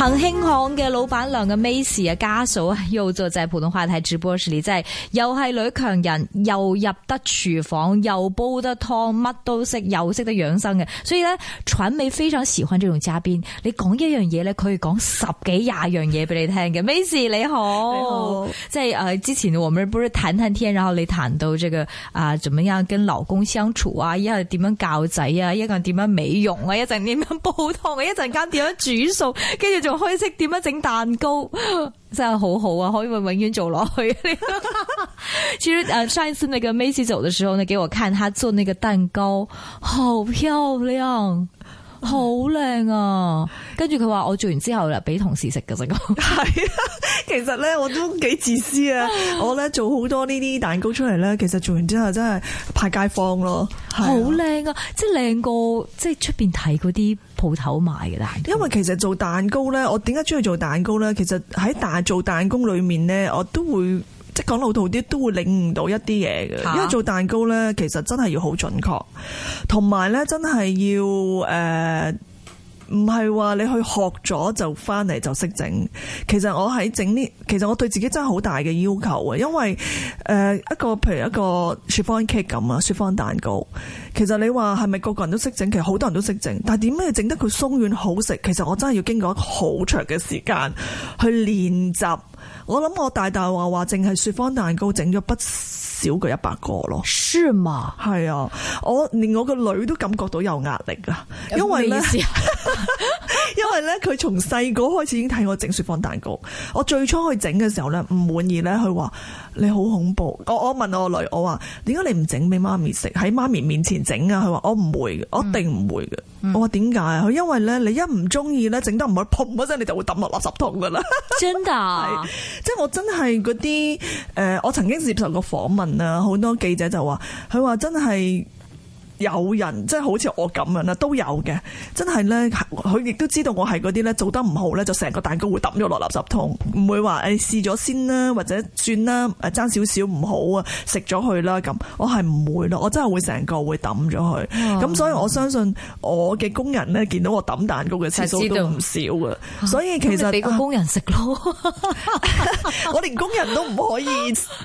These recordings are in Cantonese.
恒興行嘅老闆娘嘅 Maisie 啊，家嫂啊，又做就係普通話嘅睇直播嗰時，即係又係女強人，又入得廚房，又煲得湯，乜都識，又識得養生嘅。所以咧，傳美非常喜歡這種嘉賓。你講一樣嘢咧，佢可以講十幾廿樣嘢俾你聽嘅。Maisie 你好，即係誒，之前我們不如談談天，然後你談到這個啊，怎麼樣跟老公相處啊，然後點樣教仔啊，一個人點樣美容啊，一陣點樣煲湯，一陣間點樣煮跟住就。學開識點樣整蛋糕真係好好啊，可以永永遠做落去。其實、uh, 上一次嗰個 Maisy 走嘅時候呢，呢給我看，他做那個蛋糕好漂亮。好靚、嗯、啊！跟住佢話我做完之後咧，俾同事食噶咋咁？係 啊，其實咧我都幾自私啊！ 我咧做好多呢啲蛋糕出嚟咧，其實做完之後真係派街坊咯。好靚啊，啊！即係靚過即係出邊睇嗰啲鋪頭賣嘅蛋糕。因為其實做蛋糕咧，我點解中意做蛋糕咧？其實喺大做蛋糕裏面咧，我都會。即係講老套啲，都會領悟到一啲嘢嘅，啊、因為做蛋糕咧，其實真係要好準確，同埋咧真係要誒。呃唔係話你去學咗就翻嚟就識整，其實我喺整呢，其實我對自己真係好大嘅要求啊！因為誒一個譬如一個雪芳 cake 咁啊，雪芳蛋糕，其實你話係咪個個人都識整？其實好多人都識整，但係點解要整得佢鬆軟好食？其實我真係要經過一個好長嘅時間去練習。我諗我大大話話，淨係雪芳蛋糕整咗不少過個一百個咯。是嘛嗎？係啊，我連我個女都感覺到有壓力啊，因為呢。 因為咧，佢從細個開始已經睇我整雪芳蛋糕。我最初去整嘅時候咧，唔滿意咧，佢話你好恐怖。我我問我女，我話點解你唔整俾媽咪食？喺媽咪面前整啊！佢話我唔會嘅，我一定唔會嘅。我話點解啊？佢、嗯嗯、因為咧，你一唔中意咧，整得唔好，嘭嗰陣你就會抌落垃圾桶噶啦。 真噶的， 即係我真係嗰啲誒，我曾經接受過訪問啊，好多記者就話，佢話真係。有人即係好似我咁樣啦，都有嘅。真係咧，佢亦都知道我係嗰啲咧做得唔好咧，就成個蛋糕會抌咗落垃圾桶，唔會話誒、欸、試咗先啦，或者算啦，誒爭少少唔好啊，食咗佢啦咁。我係唔會咯，我真係會成個會抌咗佢。咁、啊、所以我相信我嘅工人咧，見到我抌蛋糕嘅次數都唔少㗎。啊、所以其實俾個工人食咯、啊啊啊，我連工人都唔可以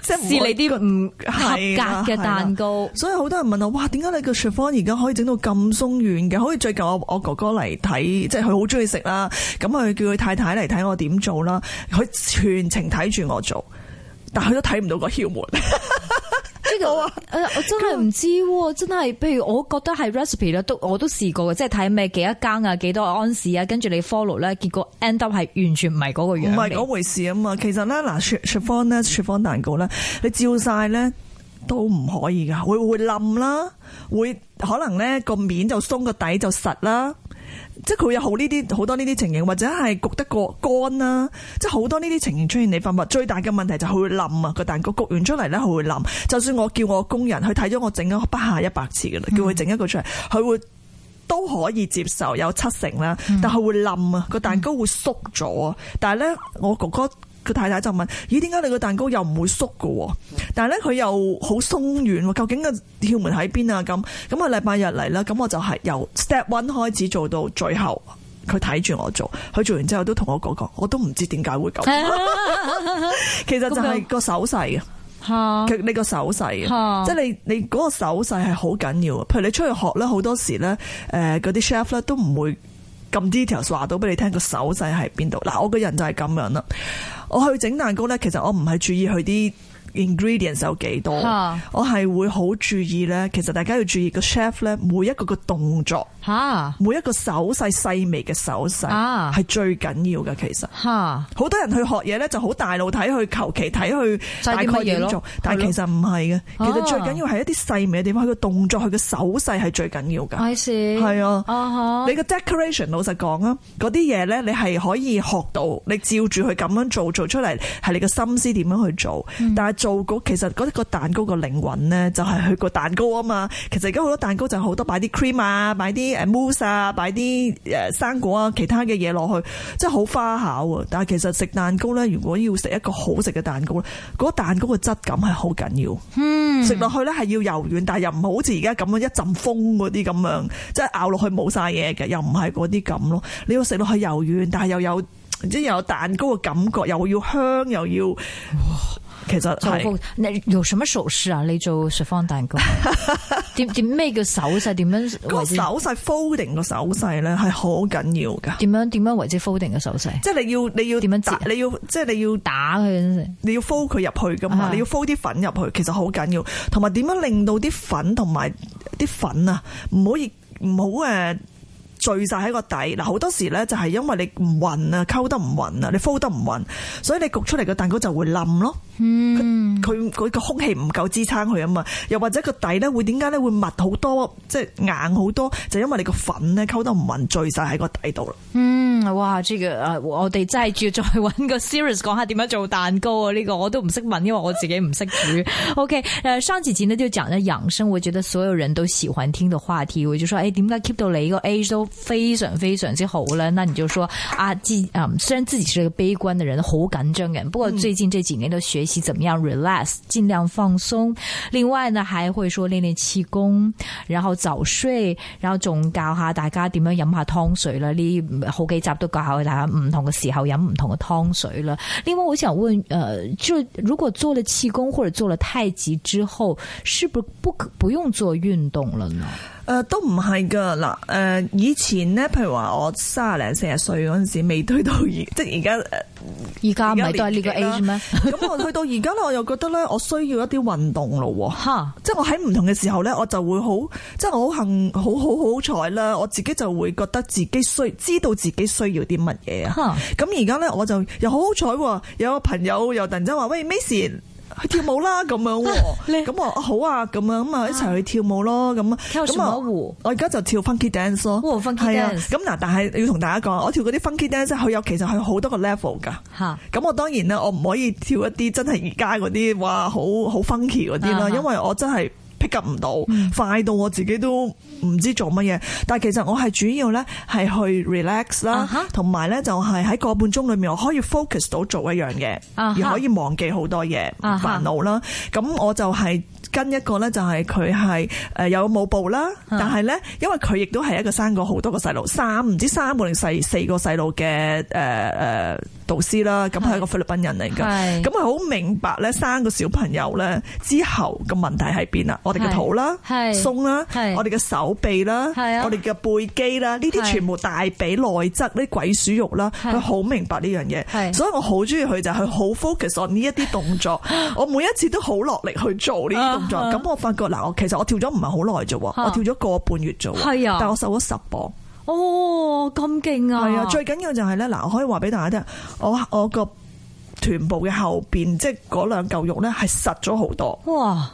即係試你啲唔合格嘅蛋糕。啊、所以好多人問我，哇，點解你個？雪方，而家可以整到咁鬆軟嘅。可以最近我哥哥嚟睇，即係佢好中意食啦。咁佢叫佢太太嚟睇我點做啦，佢全程睇住我做，但佢都睇唔到個竅門。呢個 啊是， 我真係唔知，真係，譬如我覺得係 recipe 咧，都我都試過嘅，即係睇咩幾多羹啊，幾多安士啊，跟住你 follow 咧，結果 end up 係完全唔係嗰個樣，唔係嗰回事啊嘛。其實咧，嗱，雪雪方咧，雪方蛋糕咧，你照晒咧。都唔可以噶，會會冧啦，會可能咧個面就鬆，個底就實啦，即係佢有好呢啲好多呢啲情形，或者係焗得過乾啦，即係好多呢啲情形出現你份物。最大嘅問題就係佢會冧啊，個蛋糕焗完出嚟咧，佢會冧。就算我叫我工人去睇咗我整咗不下一百次噶啦，叫佢整一個出嚟，佢、嗯、會都可以接受有七成啦，但係會冧啊，個蛋糕會縮咗，啊。但係咧我哥哥。佢太太就問：咦，點解你個蛋糕又唔會縮嘅？但係咧，佢又好鬆軟喎。究竟個竅門喺邊啊？咁咁啊，禮拜日嚟啦。咁我就係由 step one 開始做到最後，佢睇住我做。佢做完之後都同我講講，我都唔知點解會咁。啊啊啊、 其實就係個手勢啊，你，手啊你，你個手勢啊，即係你你嗰個手勢係好緊要。譬如你出去學咧，好多時咧，誒、呃、嗰啲 chef 咧都唔會咁 details 話到俾你聽個手勢係邊度。嗱，我嘅個人就係咁樣啦。我去整蛋糕咧，其實我唔係注意佢啲。ingredients 有幾多？哈我係會好注意咧。其實大家要注意個 chef 咧，che 每一個個動作，哈每一個手勢細，細微嘅手勢，係最緊要嘅。其實，好哈多人去學嘢咧，就好大腦睇去，求其睇去大概點做，點但係其實唔係嘅。了其實最緊要係一啲細微嘅地方，佢個動作，佢嘅手勢係最緊要嘅。係啊，的 uh huh. 你個 decoration，老實講啊，嗰啲嘢咧，你係可以學到，你照住佢咁樣做，做出嚟係你嘅心思點樣去做，嗯、但係。做嗰其實嗰個蛋糕個靈魂呢，就係佢個蛋糕啊嘛。其實而家好多蛋糕就好多擺啲 cream 啊，擺啲誒 mousse 啊，擺啲誒生果啊，其他嘅嘢落去，真係好花巧啊。但係其實食蛋糕呢，如果要食一個好食嘅蛋糕嗰、嗰個、蛋糕嘅質感係好緊要。食落、嗯、去呢係要柔軟，但係又唔係好似而家咁樣一陣風嗰啲咁樣，即係咬落去冇晒嘢嘅，又唔係嗰啲咁咯。你要食落去柔軟，但係又有即又有蛋糕嘅感覺，又要香，又要。又要又要其實係你用什麼手勢啊？你做雪芳蛋糕點點咩叫手勢？點樣手勢？folding 個手勢咧係好緊要噶。點樣點樣為之 folding 嘅手勢？即係你要你要點樣打？你要即係你要打佢，你要 fold 佢入去噶嘛？你要 fold 啲粉入去，其實好緊要。同埋點樣令到啲粉同埋啲粉啊，唔好易唔好誒聚晒喺個底嗱。好多時咧就係因為你唔勻啊，溝得唔勻啊，你 fold 得唔勻，所以你焗出嚟嘅蛋糕就會冧咯。佢佢個空氣唔夠支撐佢啊嘛，又或者個底咧會點解咧會密好多，即係硬好多，就因為你個粉咧溝得唔勻，聚晒喺個底度啦。嗯，哇，呢個，我哋真係要再搵個 series 講下點樣做蛋糕啊！呢個我都唔識問，因為我自己唔識煮。 OK，誒，上幾集呢就講咗養生，我覺得所有人都喜歡聽的話題，我就說，誒，點解 keep 到你個 age 都非常非常之好咧？那你就說，啊，J，雖然自己是個悲觀嘅人，好緊張嘅，不過最近這幾年都學。一起怎麼樣 Relax，盡量放鬆。另外呢，還會說練練氣功，然後早睡，然後仲教下大家點樣飲下湯水啦。呢好幾集都教下大家，唔同嘅時候飲唔同嘅湯水啦。另外，我想問，呃，就如果做了氣功或者做了太極之後，是不是不可不，不用做運動了呢？誒、呃，都唔係噶嗱，誒、呃、以前咧，譬如話我卅零四十歲嗰陣時，未推到而即係而家，而家唔係都係呢個咩？咁我去到而家咧，我又覺得咧，我需要一啲運動咯， 即係我喺唔同嘅時候咧，我就會好，即係我好幸，好好好彩啦，我自己就會覺得自己需知道自己需要啲乜嘢啊。咁而家咧，我就又好好彩，有個朋友又突然間話喂，Miss。去跳舞啦咁、啊、樣，咁我好啊咁樣，咁啊一齊去跳舞咯咁啊，樣，跳什麼舞？我而家就跳 funky dance 咯，係、哦、啊。咁嗱，但係要同大家講，我跳嗰啲 funky dance，佢有其實係好多個 level 噶。吓、啊，咁我當然啦，我唔可以跳一啲真係而家嗰啲哇，好好 funky 嗰啲啦，因為我真係。啊啊急唔到，快到我自己都唔知做乜嘢。但係其實我係主要咧係去 relax 啦，同埋咧就係喺個半鐘裏面我可以 focus 到做一樣嘢，uh huh. 而可以忘記好多嘢煩惱啦。咁、uh huh. 我就係跟一個咧、就是，就係佢係誒有舞步啦，uh huh. 但係咧因為佢亦都係一個生過好多個細路三唔知三個定係四個細路嘅誒誒。呃呃導師啦，咁係一個菲律賓人嚟嘅，咁係好明白咧，生個小朋友咧之後嘅問題喺邊啊？我哋嘅肚啦，鬆啦，我哋嘅手臂啦，我哋嘅背肌啦，呢啲全部大髀內側啲鬼鼠肉啦，佢好明白呢樣嘢，所以我好中意佢就係好 focus on 呢一啲動作，我每一次都好落力去做呢啲動作，咁我發覺嗱，我其實我跳咗唔係好耐啫，我跳咗個半月啫，但我瘦咗十磅。哦，咁勁啊！係啊，最緊要就係咧，嗱，我可以話俾大家聽，我我個臀部嘅後邊，即係嗰兩嚿肉咧，係實咗好多。哇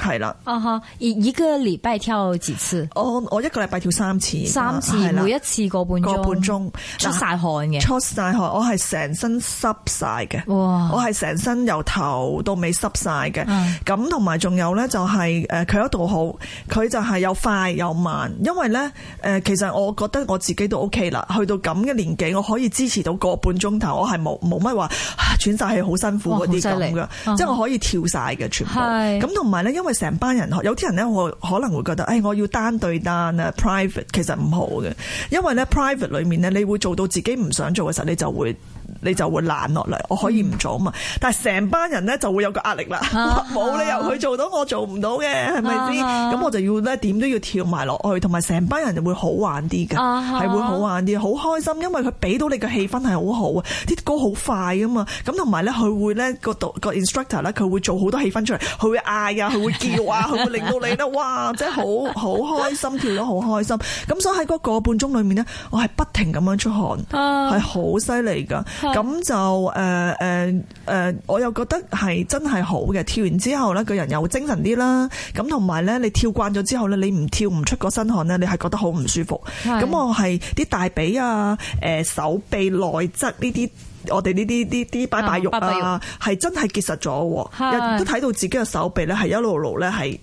係啦，而而一個禮拜跳幾次？我我一個禮拜跳三次，三次每一次個半個半鐘，出晒汗嘅，出晒汗。我係成身濕晒嘅，哇！我係成身由頭到尾濕晒嘅。咁同埋仲有咧，就係誒佢一度好，佢就係又快又慢。因為咧誒，其實我覺得我自己都 OK 啦。去到咁嘅年紀，我可以支持到個半鐘頭，我係冇冇乜話喘晒氣好辛苦嗰啲咁嘅，即係我可以跳晒嘅全部。咁同埋咧，因為。成班人學，有啲人咧，我可能會覺得，誒，我要單對單啊，private 其實唔好嘅，因為咧，private 裏面咧，你會做到自己唔想做嘅時候，你就會。你就會爛落嚟，我可以唔做啊嘛。嗯、但係成班人咧就會有個壓力啦，冇、uh huh. 理由佢做到我做唔到嘅，係咪先？咁、uh huh. 我就要咧點都要跳埋落去，同埋成班人就會好玩啲嘅，係、uh huh. 會好玩啲，好開心，因為佢俾到你嘅氣氛係好好啊，啲歌好快啊嘛。咁同埋咧，佢會咧個導個 instructor 咧，佢會做好多氣氛出嚟，佢會嗌啊，佢會叫啊，佢 會令到你咧，哇！即係好好開心， 跳到好開心。咁所以喺嗰個半鐘裏面咧，我係不停咁樣出汗，係好犀利㗎。Huh. 咁就誒誒誒，我又覺得係真係好嘅，跳完之後咧，個人又精神啲啦。咁同埋咧，你跳慣咗之後咧，你唔跳唔出個身汗咧，你係覺得好唔舒服。咁是我係啲大髀啊、誒、呃、手臂內側呢啲，我哋呢啲啲啲拜拜肉啊，係、嗯、真係結實咗，都睇是到自己嘅手臂咧，係一路路咧係。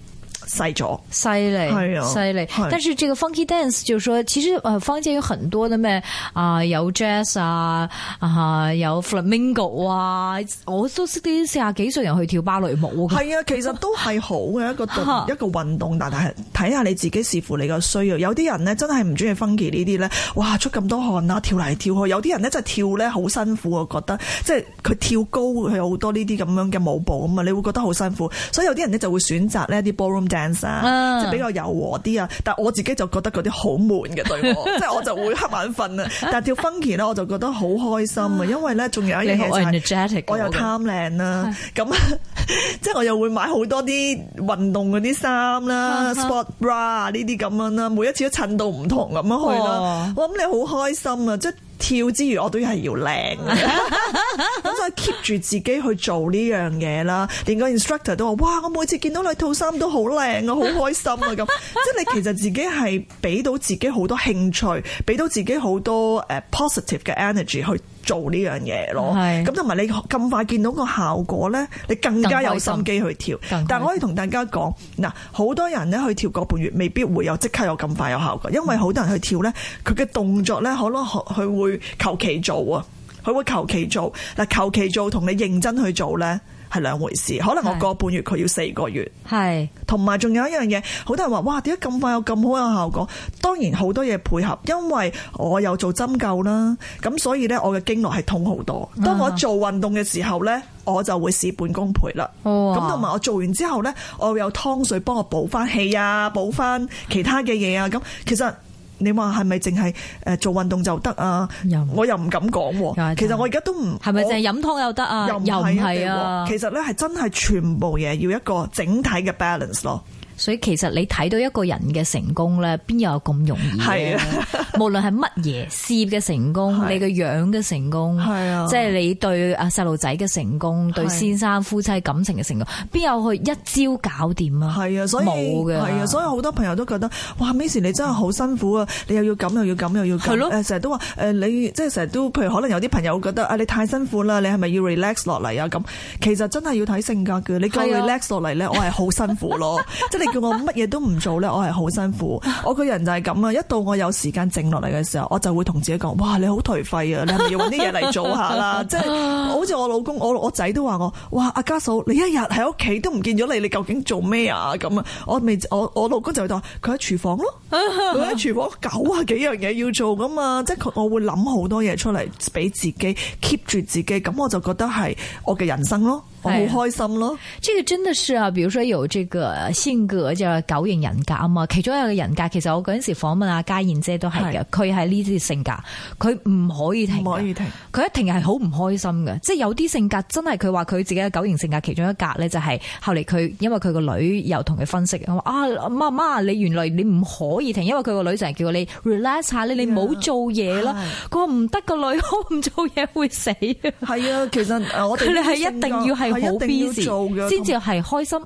細咗，犀利，係啊，犀利。但是呢個 funky dance 就說，其實誒，坊間有很多的咩、呃、啊，有 jazz 啊，啊有 flamingo 啊，我都識啲四十幾歲人去跳芭蕾舞。係啊，其實都係好嘅 一個一個運動，但係睇下你自己視乎你個需要。 有啲人呢真係唔中意 funky 呢啲咧，哇出咁多汗啊，跳嚟跳去。有啲人咧就跳咧好辛苦，我覺得即係佢跳高佢好多呢啲咁樣嘅舞步啊嘛，你會覺得好辛苦。所以有啲人咧就會選擇呢啲 ballroom dance、啊、即係比較柔和啲啊，但係我自己就覺得嗰啲好悶嘅，對， 即係我就會黑眼瞓啊。但係跳 funky 咧，我就覺得好開心啊，因為咧仲有一樣嘢就係、好我又貪靚啦，咁的、啊、 即係我又會買好多啲運動嗰啲衫啦，sport bra 呢啲咁樣啦，每一次都襯到唔同咁樣去啦。哦、我諗你好開心啊，即跳之餘我都係要靚，咁所以 keep 住自己去做呢樣嘢啦。連個 instructor 都話哇！我每次見到你套衫都好靚啊，好開心啊！咁， 即係你其實自己係俾到自己好多興趣，俾到自己好多誒 positive 嘅 energy 去做呢樣嘢咯。係是。咁同埋你咁快見到個效果咧，你更加有心機去跳。但係我可以同大家講嗱，好多人咧去跳個半月，未必會有即刻有咁快有效果，因為好多人去跳咧，佢嘅動作咧，可能佢會。會求其做啊，佢會求其做嗱，求其做同你認真去做咧，係兩回事。可能我個半月佢係要四個月，係同埋，仲有一樣嘢，好多人話哇，點解咁快有咁好嘅效果？當然好多嘢配合，因為我有做針灸啦，咁所以咧我嘅經絡係痛好多。當我做運動嘅時候咧，我就會事半功倍啦。咁同埋我做完之後咧，我會有湯水幫我補翻氣啊，補翻其他嘅嘢啊。咁其實。你話係咪淨係誒做運動就得啊？又我又唔敢講喎、啊。其實我而家都唔係咪淨係飲湯又得啊？又唔係啊。其實咧係真係全部嘢要一個整體嘅 balance 咯。所以其實你睇到一個人嘅成功咧，邊有咁容易咧？無論係乜嘢事業嘅成功，你個樣嘅成功，即係你對啊細路仔嘅成功，對先生夫妻感情嘅成功，邊有去一招搞掂啊？係啊，所以冇嘅。係啊，所以好多朋友都覺得哇！Miss 你真係好辛苦啊！你又要咁又要咁又要咁，成日都話誒你即係成日都，譬如可能有啲朋友覺得啊，你太辛苦啦，你係咪要 relax 落嚟啊？咁其實真係要睇性格嘅。你講 relax 落嚟咧，我係好辛苦咯，即係叫我乜嘢都唔做咧，我係好辛苦。我個人就係咁啊，一到我有時間靜落嚟嘅時候，我就會同自己講：哇，你好頹廢啊！你係咪要搵啲嘢嚟做下啦？ 即係好似我老公，我我仔都話我：哇，阿家嫂，你一日喺屋企都唔見咗你，你究竟做咩啊？咁啊，我未我我老公就話佢喺廚房咯，佢喺廚房九啊幾樣嘢要做噶嘛。即係我我會諗好多嘢出嚟俾自己 keep 住自己，咁我就覺得係我嘅人生咯。好開心咯！即係真係啊，比如說有這個性格就九型人格啊嘛，其中一個人格，其實我嗰陣時訪問阿家燕姐都係嘅，佢係呢啲性格，佢唔可以停，唔可以停，佢一停係好唔開心嘅。即係有啲性格真係佢話佢自己嘅九型性格其中一格咧，就係後嚟佢因為佢個女又同佢分析，我話啊媽媽，你原來你唔可以停，因為佢個女成日叫你 relax 下你，你唔好、啊、做嘢咯。佢話唔得，個女唔做嘢會死嘅。係啊， 其實我哋係一定要係。一定要做嘅，先至係開心。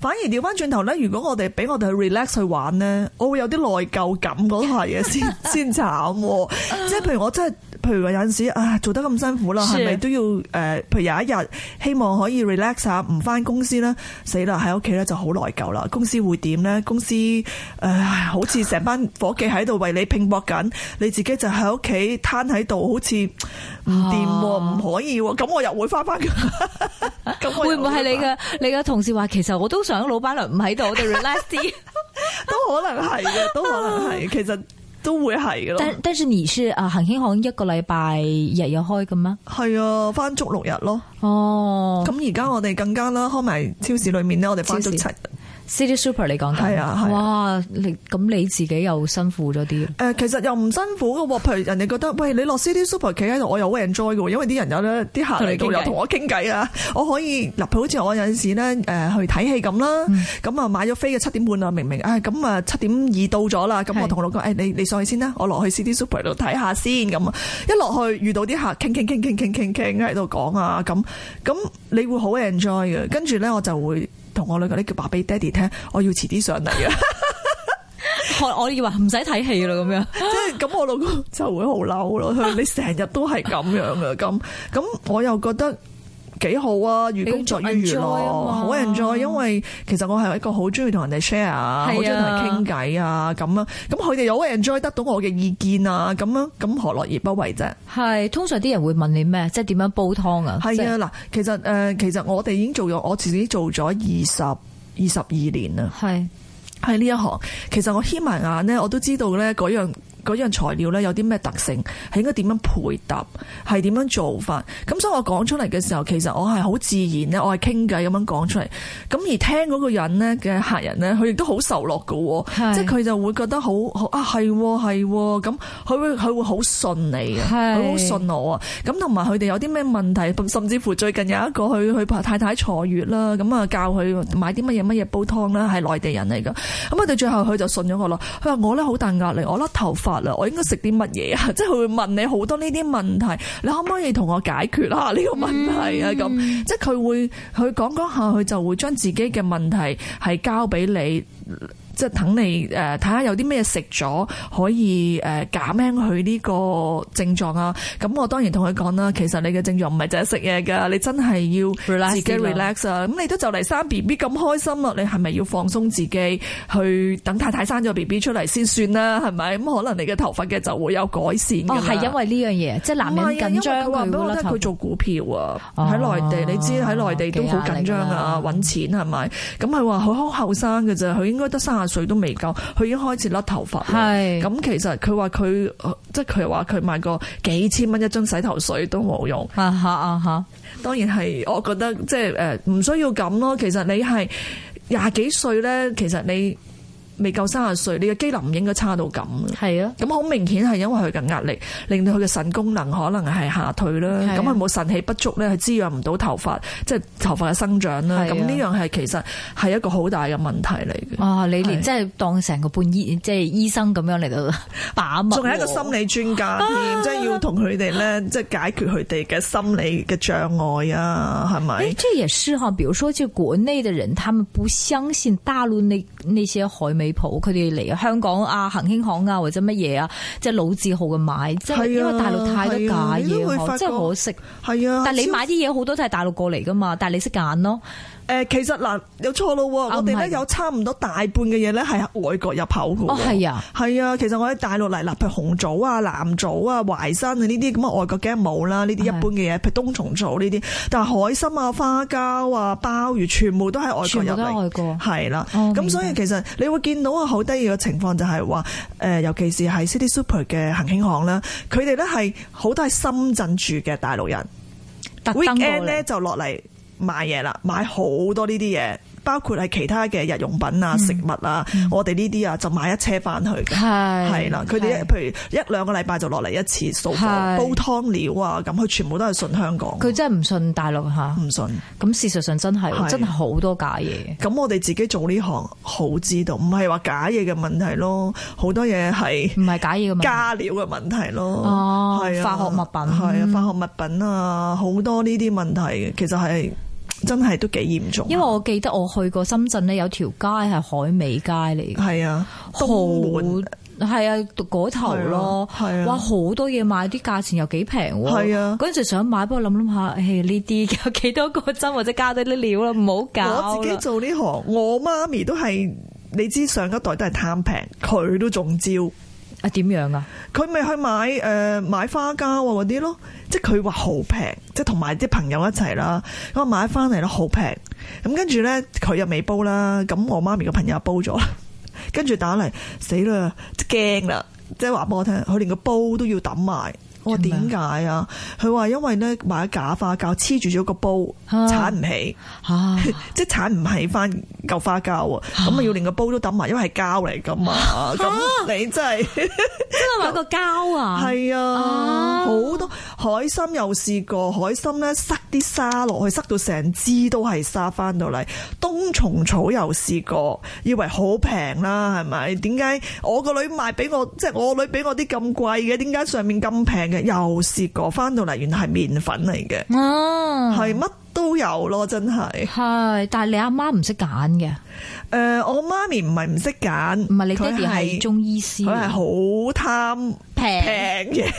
反而掉返轉頭咧，如果我哋俾我哋去 relax 去玩咧，我會有啲內疚感，嗰下嘢先先慘。慘啊、 即係譬如我真係。譬如話有陣時啊，做得咁辛苦啦，係咪是都要誒、呃？譬如有一日希望可以 relax 下，唔翻公司咧，死啦喺屋企咧就好內疚啦。公司會點咧？公司誒，好似成班伙計喺度為你拼搏緊，你自己就喺屋企攤喺度，好似唔掂喎，唔、啊、可以喎。咁我又會翻返㗎。 會唔會係你嘅你嘅同事話？其實我都想老闆娘唔喺度，我哋 relax 啲。都可能係嘅，都可能係。其實.。 都會係咯，但但是你是啊恒興行，行一個禮拜日日開嘅咩？係啊，翻足六日咯。哦，咁而家我哋更加啦，開埋超市裏面咧，市我哋翻足七日。City Super，你講緊係啊！哇，你咁你自己又辛苦咗啲誒？其實又唔辛苦嘅喎。譬如人哋覺得，喂，你落 City Super 企喺度，我又好 enjoy 嘅喎。因為啲人有咧，啲客嚟到又同我傾偈啊！我可以嗱，譬如好似我有陣時咧誒去睇戲咁啦。咁啊、嗯、買咗飛嘅七點半啊，明明啊咁啊七點二到咗啦。咁是我同我老公誒，你你上去先啦，我落去 City Super 度睇下先咁。一落去，遇到啲客傾傾傾傾傾傾傾喺度講啊咁咁，你會好 enjoy 嘅。跟住咧我就會。同我女嗰啲叫爸俾爹哋聽，我要遲啲上嚟啊！ 我以為唔使睇戲咯，咁樣即係咁，我老公就會好嬲咯。佢話你成日都係咁樣啊，咁 咁 我又覺得。幾好啊，寓工作於娛樂好 enjoy，因為其實我係一個好中意同人哋 share，好中意同人傾偈啊，咁啊，咁佢哋又好 enjoy 得到我嘅意見啊，咁啊，咁何樂而不為啫？係通常啲人會問你咩，即係點樣煲湯啊？係啊，嗱，其實誒、呃，其實我哋已經做咗，我自己做咗二十二十二年啦，係喺呢一行，其實我眯埋眼咧，我都知道咧嗰樣。嗰樣材料咧有啲咩特性，係應該點樣配搭，係點樣做法？咁所以我講出嚟嘅時候，其實我係好自然咧，我係傾偈咁樣講出嚟。咁而聽嗰個人咧嘅客人咧，佢亦都好受落噶，是即係佢就會覺得好好啊，係係咁，佢、啊啊啊、會佢會好信你，佢好是信我啊。咁同埋佢哋有啲咩問題，甚至乎最近有一個佢佢太太坐月啦，咁啊教佢買啲乜嘢乜嘢煲湯啦，係內地人嚟噶。咁佢哋最後佢就信咗我咯，佢話我咧好大壓力，我甩頭髮。我應該食啲乜嘢啊？即係佢會問你好多呢啲問題，你可唔可以同我解決下呢個問題啊？咁、嗯、即係佢會佢講講下佢就會將自己嘅問題係交俾你。即係等你誒睇下有啲咩食咗可以誒減輕佢呢個症狀啊！咁我當然同佢講啦，其實你嘅症狀唔係淨係食嘢㗎，你真係要自己 relax 啊！咁你都就嚟生 B B 咁開心啦，你係咪要放鬆自己去等太太生咗 B B 出嚟先算啦？係咪咁，可能你嘅頭髮嘅就會有改善㗎？哦，係因為呢樣嘢，即係男人緊張會冇得係佢做股票啊，喺內地你知喺內地都好緊張啊，揾錢係咪？咁佢話佢好後生㗎啫，佢應該得三十。水都未夠，佢已經開始甩頭髮。係咁是，其實佢話佢即係佢話佢買過幾千蚊一樽洗頭水都冇用。嚇嚇嚇嚇！當然係，我覺得即係誒唔需要咁咯。其實你係廿幾歲咧，其實你。未夠三十歲，你嘅機能唔應該差到咁啊！係啊，咁好明顯係因為佢嘅壓力，令到佢嘅腎功能可能係下退啦。咁係冇腎氣不足咧，係滋養唔到頭髮，即係頭髮嘅生長啦。咁呢樣係其實係一個好大嘅問題嚟嘅。啊，你連即係當成個半醫，即係醫生咁樣嚟到把脈，仲係一個心理專家即係要同佢哋咧，即係解決佢哋嘅心理嘅障礙啊，係咪？誒，即這也是哈，譬如說即係國內嘅人，他們不相信大陸那呢些海梅。佢哋嚟香港啊，恒興行啊，或者乜嘢啊，即係老字號嘅買，即係、啊、因為大陸太多假嘢，啊，真係可惜。係啊，但係你買啲嘢好多都係大陸過嚟噶嘛，但係你識揀咯。誒，其實嗱，有錯咯，錯啊，我哋咧有差唔多大半嘅嘢咧係外國入口嘅。係啊，哦，係啊，其實我喺大陸嚟啦，譬如紅棗啊、藍棗啊、淮山啊呢啲咁嘅外國嘅冇啦，呢啲一般嘅嘢，譬如冬蟲草呢啲，但係海參啊、花膠啊、鮑魚，全部都喺外國入口。好多外國係啦，咁所以其實你會見到啊好得意嘅情況就係話，誒，尤其是喺 City Super 嘅恒興行咧，佢哋咧係好多係深圳住嘅大陸人，weekend 咧就落嚟。買嘢啦，買好多呢啲嘢，包括係其他嘅日用品啊、食物啊，我哋呢啲啊就買一車翻去嘅，係，係啦，佢哋譬如一兩個禮拜就落嚟一次掃貨、煲湯料啊，咁佢全部都係信香港，佢真係唔信大陸吓，唔信。咁事實上真係，真係好多假嘢。咁我哋自己做呢行好知道，唔係話假嘢嘅問題咯，好多嘢係唔係假嘢嘅加料嘅問題咯，哦，係化學物品，係化學物品啊，好多呢啲問題，其實係。真係都幾嚴重。因為我記得我去過深圳咧，有條街係海尾街嚟嘅。係啊，東門係啊，嗰頭咯。係啊，哇好多嘢買，啲價錢又幾平。係啊，嗰陣時想買，不過諗諗下，誒呢啲有幾多個針或者加低啲料啦，唔好搞。我自己做呢行，我媽咪都係，你知上一代都係貪平，佢都中招。啊點樣啊？佢咪去買誒、呃、買花膠嗰啲咯，即係佢話好平，即係同埋啲朋友一齊啦，咁我買翻嚟啦好平，咁跟住咧佢又未煲啦，咁我媽咪個朋友煲咗，跟 住打嚟死啦，驚啦，即係話俾我聽，佢連個煲都要抌埋。我點解啊？佢話因為咧買咗假花膠黐住咗個煲，鏟唔起，即係鏟唔起翻舊花膠啊！咁 啊要連個煲都抌埋，因為係膠嚟噶嘛。咁、啊、你真係買個膠啊？係 啊，好、啊啊、多海參又試過，海參咧塞啲沙落去，塞到成支都係沙翻到嚟。冬蟲草又試過，以為好平啦，係咪？點解我個女賣俾我，即、就、係、是、我女俾我啲咁貴嘅？點解上面咁平？又試過翻到嚟，原來係麵粉嚟嘅，係乜都有咯，真係。係，但係你阿媽唔識揀嘅。誒，我媽咪唔係唔識揀，唔係你爹哋係中醫師，佢係好貪平嘢宜，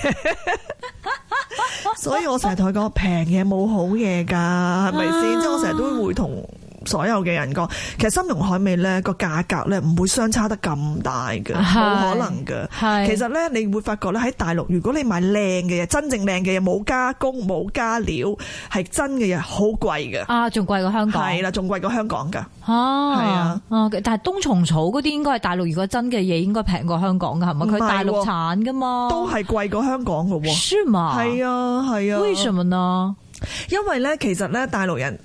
活動 所以我成日同佢講平嘢冇好嘢噶，係咪先？即係我成日都會同。所有嘅人講，其實參茸海味咧個價格咧唔會相差得咁大嘅，冇是可能嘅。是其實咧，你會發覺咧喺大陸，如果你買靚嘅嘢，真正靚嘅嘢，冇加工、冇加料，係真嘅嘢，好貴嘅。啊，仲貴，貴過香港？係啦、啊，仲的、啊啊、貴過香港㗎。啊，係啊，但係冬蟲草嗰啲應該係大陸，如果真嘅嘢應該平過香港㗎，係咪？佢大陸產㗎嘛，都係貴過香港㗎喎？係咩？係啊，係啊。的的為什麼呢？因為咧，其實咧，大陸人。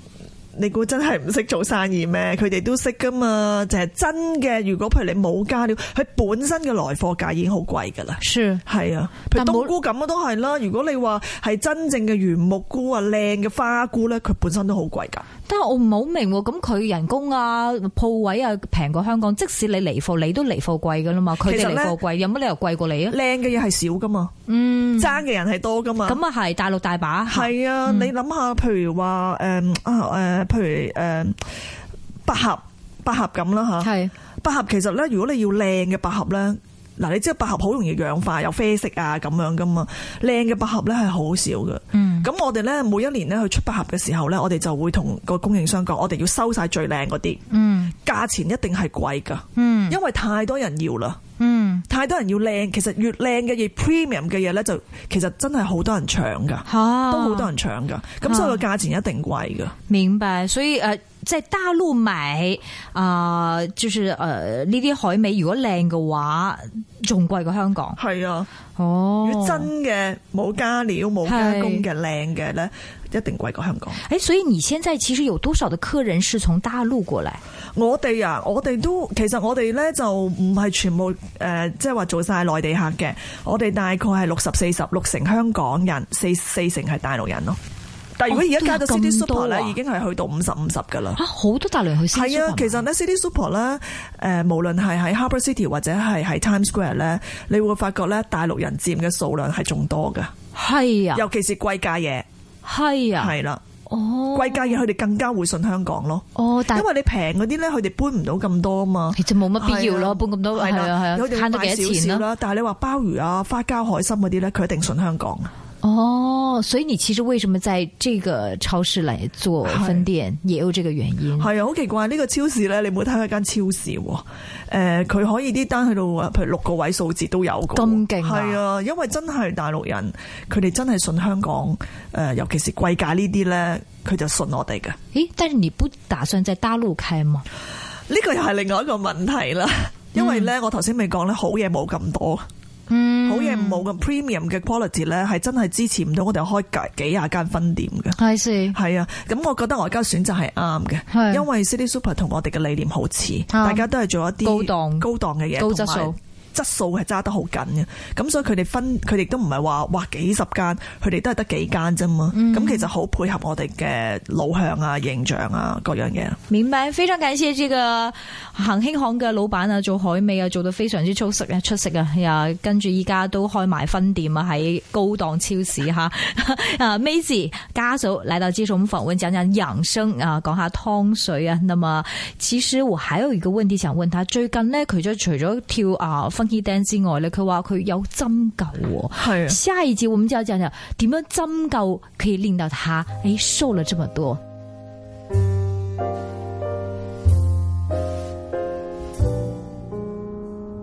你估真係唔識做生意咩？佢哋都識噶嘛，淨係、是、真嘅。如果譬如你冇加料，佢本身嘅來貨價已經好貴噶啦。是係啊，譬如冬菇咁啊都係啦。如果你話係真正嘅原木菇啊，靚嘅花菇呢，佢本身都好貴噶。但係我唔係好明喎，咁佢人工啊、鋪位啊平過香港，即使你嚟貨，你都嚟貨貴噶啦嘛，佢哋嚟貨貴，有乜理由貴過你啊？靚嘅嘢係少噶嘛，嗯，爭嘅人係多噶嘛，咁啊係，大陸大把。係啊，你諗下，譬如話誒啊誒，譬如誒百合，百合咁啦吓，係百合，其實咧，如果你要靚嘅百合咧。嗱，你知道，百合好容易氧化，有啡色啊咁樣噶嘛，靚嘅百合咧係好少嘅。嗯，咁我哋咧每一年咧去出百合嘅時候咧，我哋就會同個供應商講，我哋要收晒最靚嗰啲。嗯，價錢一定係貴噶。嗯，因為太多人要啦。嗯，太多人要靚，其實越靚嘅嘢 premium 嘅嘢咧，就其實真係好多人搶噶，哦、都好多人搶噶。咁、哦、所以個價錢一定貴噶。哦、明白，所以誒。Uh 即在大陸買啊、呃，就是誒呢啲海味，如果靚嘅話，仲貴過香港。係啊，哦，如果真嘅冇加料、冇加工嘅靚嘅咧，一定貴過香港。誒、欸，所以你現在其實有多少嘅客人係從大陸過嚟？我哋啊，我哋都其實我哋咧就唔係全部誒，即係話做晒內地客嘅。我哋大概係六十四十，六成香港人，四四成係大陸人咯。但如果而家加到 City Super 咧，已經係去到五十五十嘅啦。好多大陸去 City Super。係啊，其實咧 City Super 咧，誒無論係喺 Harbour City 或者係喺 Times Square 咧，你會發覺咧大陸人佔嘅數量係仲多嘅。係啊，尤其是貴價嘢。係啊。係啦。哦。貴價嘢佢哋更加會信香港咯。哦，因為你平嗰啲咧，佢哋搬唔到咁多啊嘛。其實冇乜必要咯，搬咁多，係啊，係啊，慳到幾多錢啦？但係你話鮑魚啊、花膠、海參嗰啲咧，佢一定信香港。哦，所以你其實為什麼在這個超市來做分店，的也有這個原因？係啊，好奇怪呢、這個超市呢，你冇睇佢間超市喎？誒、呃，佢可以啲單去到，譬如六個位數字都有嘅，咁勁係啊！因為真係大陸人，佢哋真係信香港誒、呃，尤其是貴價呢啲呢，佢就信我哋嘅。咦，但係你不打算在大陸開嗎？呢個又係另外一個問題啦，因為呢，嗯、我頭先未講呢，好嘢冇咁多。嗯，好嘢冇咁 premium 嘅 quality 咧，係真係支持唔到我哋開幾廿間分店嘅，係係 I see. 啊，咁我覺得我而家選擇係啱嘅，係，I see. 因為 City Super 同我哋嘅理念好似，I see. 大家都係做一啲高檔高檔嘅嘢，高質素。質素係揸得好緊嘅，咁所以佢哋分佢哋都唔係話哇幾十間，佢哋都係得幾間啫嘛。咁、嗯、其實好配合我哋嘅路向啊、形象啊各樣嘢。明白，非常感謝呢個恆興行嘅老闆啊，做海味啊做得非常之出色啊。出色啊，又跟住依家都開埋分店啊喺高檔超市嚇。啊 Maisy 家嫂嚟到接受訪問，講緊養生啊，講下湯水啊。那麼其實我還有一個問題想問他，最近呢，佢就除咗跳啊 dance 之外咧，佢話佢有針灸、哦，係是的 下一集我們就要講講點樣針灸可以令到他，誒、欸、瘦了這麼多。